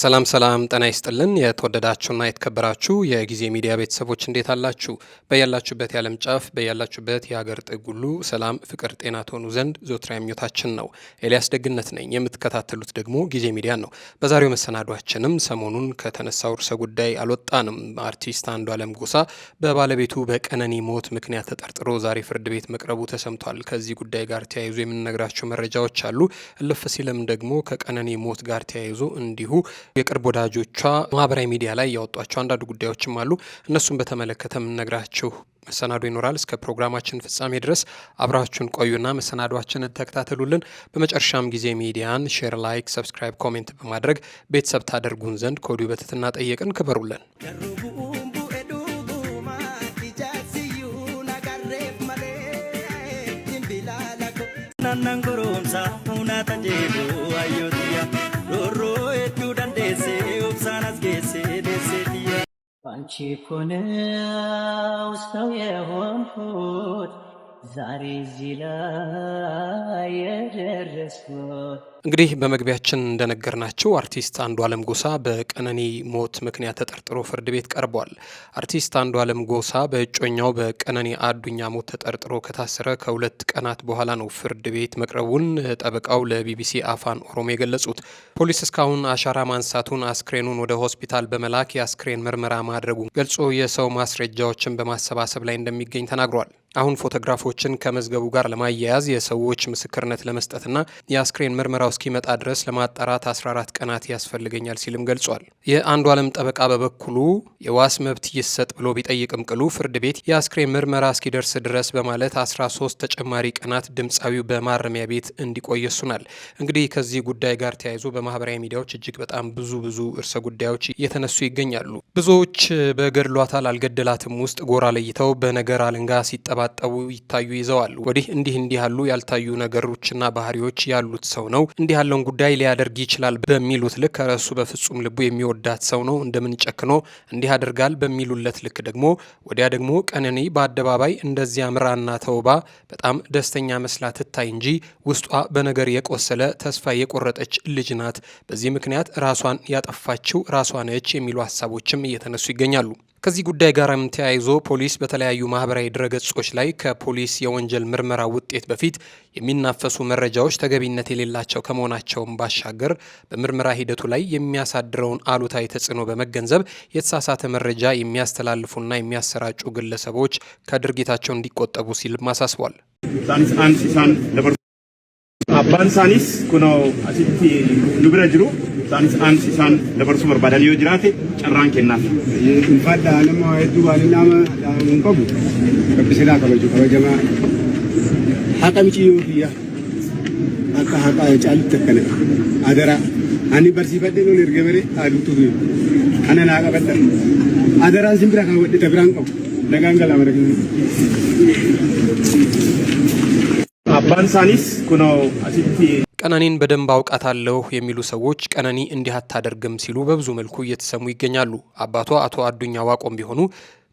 ሰላም ሰላም፣ ጤና ይስጥልን። የተወደዳችሁና የተከበራችሁ የጊዜ ሚዲያ ቤተሰቦች እንዴት አላችሁ? በያላችሁበት የዓለም ጫፍ በያላችሁበት የሀገር ጥግ ሁሉ ሰላም፣ ፍቅር፣ ጤና ትሆኑ ዘንድ ዞትራ ምኞታችን ነው። ኤልያስ ደግነት ነኝ። የምትከታተሉት ደግሞ ጊዜ ሚዲያ ነው። በዛሬው መሰናዷችንም ሰሞኑን ከተነሳው ርዕሰ ጉዳይ አልወጣንም። አርቲስት አንዷለም ጎሳ በባለቤቱ በቀነኒ ሞት ምክንያት ተጠርጥሮ ዛሬ ፍርድ ቤት መቅረቡ ተሰምቷል። ከዚህ ጉዳይ ጋር ተያይዞ የምንነግራቸው መረጃዎች አሉ። እልፍ ሲልም ደግሞ ከቀነኒ ሞት ጋር ተያይዞ እንዲሁ የቅርብ ወዳጆቿ ማህበራዊ ሚዲያ ላይ ያወጧቸው አንዳንድ ጉዳዮችም አሉ። እነሱን በተመለከተ የምነግራችሁ መሰናዶ ይኖራል። እስከ ፕሮግራማችን ፍጻሜ ድረስ አብራችሁን ቆዩና መሰናዷችንን ተከታተሉልን። በመጨረሻም ጊዜ ሚዲያን ሼር፣ ላይክ፣ ሰብስክራይብ፣ ኮሜንት በማድረግ ቤተሰብ ታደርጉን ዘንድ ከወዲሁ በትህትና ጠየቅን። ክበሩልን። Nangurumsa, ባንቺ እኮ ነው ሰው የሆንኩት ዛሬ እዚህ ላይ የደረስኩት እንግዲህ በመግቢያችን እንደነገርናቸው አርቲስት አንዱዓለም ጎሳ በቀነኒ ሞት ምክንያት ተጠርጥሮ ፍርድ ቤት ቀርቧል። አርቲስት አንዱዓለም ጎሳ በእጮኛው በቀነኒ አዱኛ ሞት ተጠርጥሮ ከታሰረ ከሁለት ቀናት በኋላ ነው ፍርድ ቤት መቅረቡን ጠበቃው ለቢቢሲ አፋን ኦሮሞ የገለጹት። ፖሊስ እስካሁን አሻራ ማንሳቱን፣ አስክሬኑን ወደ ሆስፒታል በመላክ የአስክሬን ምርመራ ማድረጉን ገልጾ የሰው ማስረጃዎችን በማሰባሰብ ላይ እንደሚገኝ ተናግሯል። አሁን ፎቶግራፎችን ከመዝገቡ ጋር ለማያያዝ የሰዎች ምስክርነት ለመስጠትና የአስክሬን ምርመራው እስኪመጣ ድረስ ለማጣራት 14 ቀናት ያስፈልገኛል ሲልም ገልጿል። የአንዱ ዓለም ጠበቃ በበኩሉ የዋስ መብት ይሰጥ ብሎ ቢጠይቅም ቅሉ ፍርድ ቤት የአስክሬን ምርመራ እስኪደርስ ድረስ በማለት 13 ተጨማሪ ቀናት ድምፃዊው በማረሚያ ቤት እንዲቆይ እንግዲህ ከዚህ ጉዳይ ጋር ተያይዞ በማህበራዊ ሚዲያዎች እጅግ በጣም ብዙ ብዙ እርሰ ጉዳዮች እየተነሱ ይገኛሉ። ብዙዎች በገድሏታል አልገደላትም ውስጥ ጎራ ለይተው በነገር አለንጋ ሲጠባጠቡ ይታዩ ይዘዋል። ወዲህ እንዲህ እንዲህ ያሉ ያልታዩ ነገሮችና ባህሪዎች ያሉት ሰው ነው። እንዲህ ያለውን ጉዳይ ሊያደርግ ይችላል በሚሉት ልክ ከረሱ በፍጹም ልቡ የሚወዳት ሰው ነው እንደምን ጨክኖ እንዲህ ያደርጋል በሚሉለት ልክ ደግሞ ወዲያ ደግሞ ቀነኒ በአደባባይ እንደዚህ ምራና ተውባ በጣም ደስተኛ መስላ ትታይ እንጂ ውስጧ በነገር የቆሰለ ተስፋ የቆረጠች ልጅ ናት። በዚህ ምክንያት ራሷን ያጠፋችው ራሷ ነች የሚሉ ሀሳቦችም እየተነሱ ይገኛሉ። ከዚህ ጉዳይ ጋርም ተያይዞ ፖሊስ በተለያዩ ማህበራዊ ድረገጾች ላይ ከፖሊስ የወንጀል ምርመራ ውጤት በፊት የሚናፈሱ መረጃዎች ተገቢነት የሌላቸው ከመሆናቸውም ባሻገር በምርመራ ሂደቱ ላይ የሚያሳድረውን አሉታዊ ተጽዕኖ በመገንዘብ የተሳሳተ መረጃ የሚያስተላልፉና የሚያሰራጩ ግለሰቦች ከድርጊታቸው እንዲቆጠቡ ሲልም አሳስቧል። አባንሳኒስ ኩኖ አሲቲ ኑብረ ጅሩ ansi isaan dabarsuu barbaadan yoo jiraate carraan kennaaf. Infadda nama hedduu baay'inaan hin qabu qabbisidhaa kabaju kabajamaa haqa michiyyoo biyyaa akka haqa caalutti akkana adaraa ani barsiifadhee loon erga bare aduutu biyya kana naa qabadha adaraan sin bira kaawwadhe ta biraan qabu nagaan galaa mara abbaan isaaniis kunoo asitti ቀነኒን በደንብ አውቃታለሁ የሚሉ ሰዎች ቀነኒ እንዲህ አታደርግም ሲሉ በብዙ መልኩ እየተሰሙ ይገኛሉ። አባቷ አቶ አዱኛ ዋቆም ቢሆኑ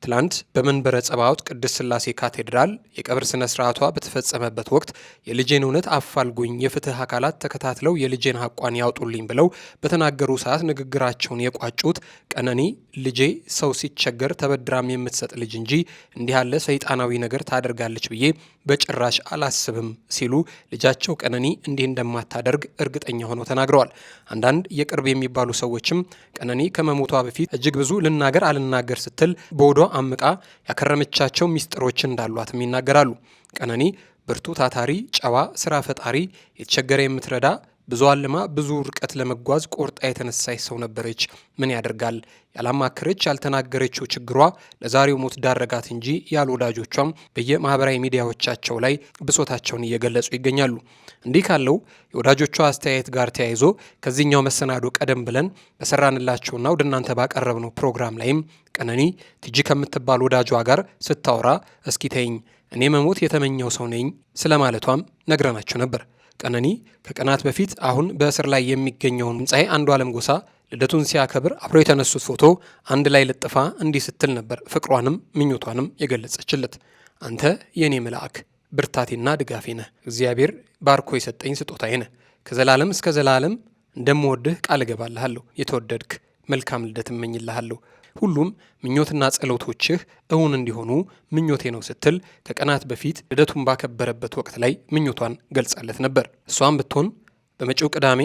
ትላንት በመንበረ ጸባዖት ቅድስት ስላሴ ካቴድራል የቀብር ስነ ስርዓቷ በተፈጸመበት ወቅት የልጄን እውነት አፋልጉኝ፣ የፍትህ አካላት ተከታትለው የልጄን ሀቋን ያውጡልኝ ብለው በተናገሩ ሰዓት ንግግራቸውን የቋጩት ቀነኒ ልጄ ሰው ሲቸገር ተበድራም የምትሰጥ ልጅ እንጂ እንዲህ ያለ ሰይጣናዊ ነገር ታደርጋለች ብዬ በጭራሽ አላስብም ሲሉ ልጃቸው ቀነኒ እንዲህ እንደማታደርግ እርግጠኛ ሆነው ተናግረዋል። አንዳንድ የቅርብ የሚባሉ ሰዎችም ቀነኒ ከመሞቷ በፊት እጅግ ብዙ ልናገር አልናገር ስትል በወዷ አምቃ ያከረመቻቸው ሚስጥሮች እንዳሏትም ይናገራሉ። ቀነኒ ብርቱ ታታሪ፣ ጨዋ፣ ስራ ፈጣሪ፣ የተቸገረ የምትረዳ ብዙ አልማ ብዙ ርቀት ለመጓዝ ቆርጣ የተነሳች ሰው ነበረች። ምን ያደርጋል ያላማከረች ያልተናገረችው ችግሯ ለዛሬው ሞት ዳረጋት እንጂ ያሉ ወዳጆቿም በየማህበራዊ ሚዲያዎቻቸው ላይ ብሶታቸውን እየገለጹ ይገኛሉ። እንዲህ ካለው የወዳጆቿ አስተያየት ጋር ተያይዞ ከዚህኛው መሰናዶ ቀደም ብለን በሰራንላቸውና ወደ እናንተ ባቀረብነው ፕሮግራም ላይም ቀነኒ ትጂ ከምትባል ወዳጇ ጋር ስታወራ እስኪ ተይኝ እኔ መሞት የተመኘው ሰው ነኝ ስለማለቷም ነግረናቸው ነበር። ቀነኒ ከቀናት በፊት አሁን በእስር ላይ የሚገኘውን ድምፃዊ አንዷለም ጎሳ ልደቱን ሲያከብር አብረው የተነሱት ፎቶ አንድ ላይ ልጥፋ እንዲህ ስትል ነበር ፍቅሯንም ምኞቷንም የገለጸችለት። አንተ የእኔ መልአክ ብርታቴና ድጋፌ ነህ፣ እግዚአብሔር ባርኮ የሰጠኝ ስጦታዬ ነህ፣ ከዘላለም እስከ ዘላለም እንደምወድህ ቃል እገባልሃለሁ፣ የተወደድክ መልካም ልደት እመኝልሃለሁ ሁሉም ምኞትና ጸሎቶችህ እውን እንዲሆኑ ምኞቴ ነው ስትል ከቀናት በፊት ልደቱን ባከበረበት ወቅት ላይ ምኞቷን ገልጻለት ነበር። እሷም ብትሆን በመጪው ቅዳሜ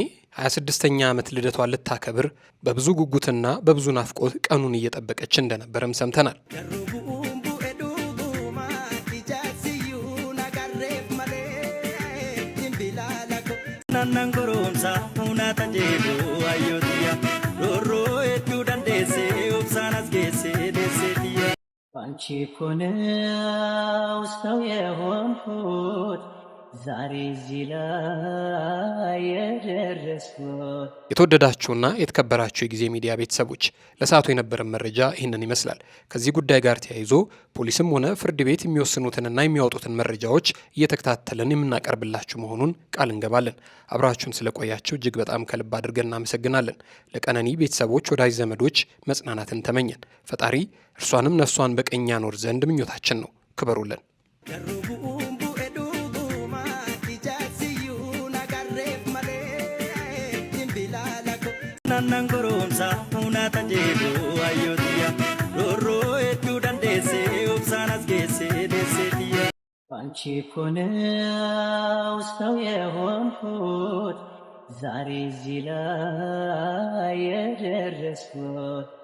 26ኛ ዓመት ልደቷን ልታከብር በብዙ ጉጉትና በብዙ ናፍቆት ቀኑን እየጠበቀች እንደነበረም ሰምተናል። አንቺ እኮ ነው ሰው የሆንኩት ዛሬ እዚህ የተወደዳችሁና የተከበራችሁ የጊዜ ሚዲያ ቤተሰቦች ለሰዓቱ የነበረን መረጃ ይህንን ይመስላል። ከዚህ ጉዳይ ጋር ተያይዞ ፖሊስም ሆነ ፍርድ ቤት የሚወስኑትንና የሚያወጡትን መረጃዎች እየተከታተልን የምናቀርብላችሁ መሆኑን ቃል እንገባለን። አብራችሁን ስለቆያችሁ እጅግ በጣም ከልብ አድርገን እናመሰግናለን። ለቀነኒ ቤተሰቦች፣ ወዳጅ ዘመዶች መጽናናትን ተመኘን። ፈጣሪ እርሷንም ነፍሷን በቀኝ ያኖር ዘንድ ምኞታችን ነው። ክበሩልን። isaan nan goromsa humnata jeebu hayyootiyya roorroo hedduu dandeesse obsaan as geesse deesseetiyya አንቺ እኮ ነው ሰው የሆንኩት ዛሬ እዚህ ላይ የደረስኩት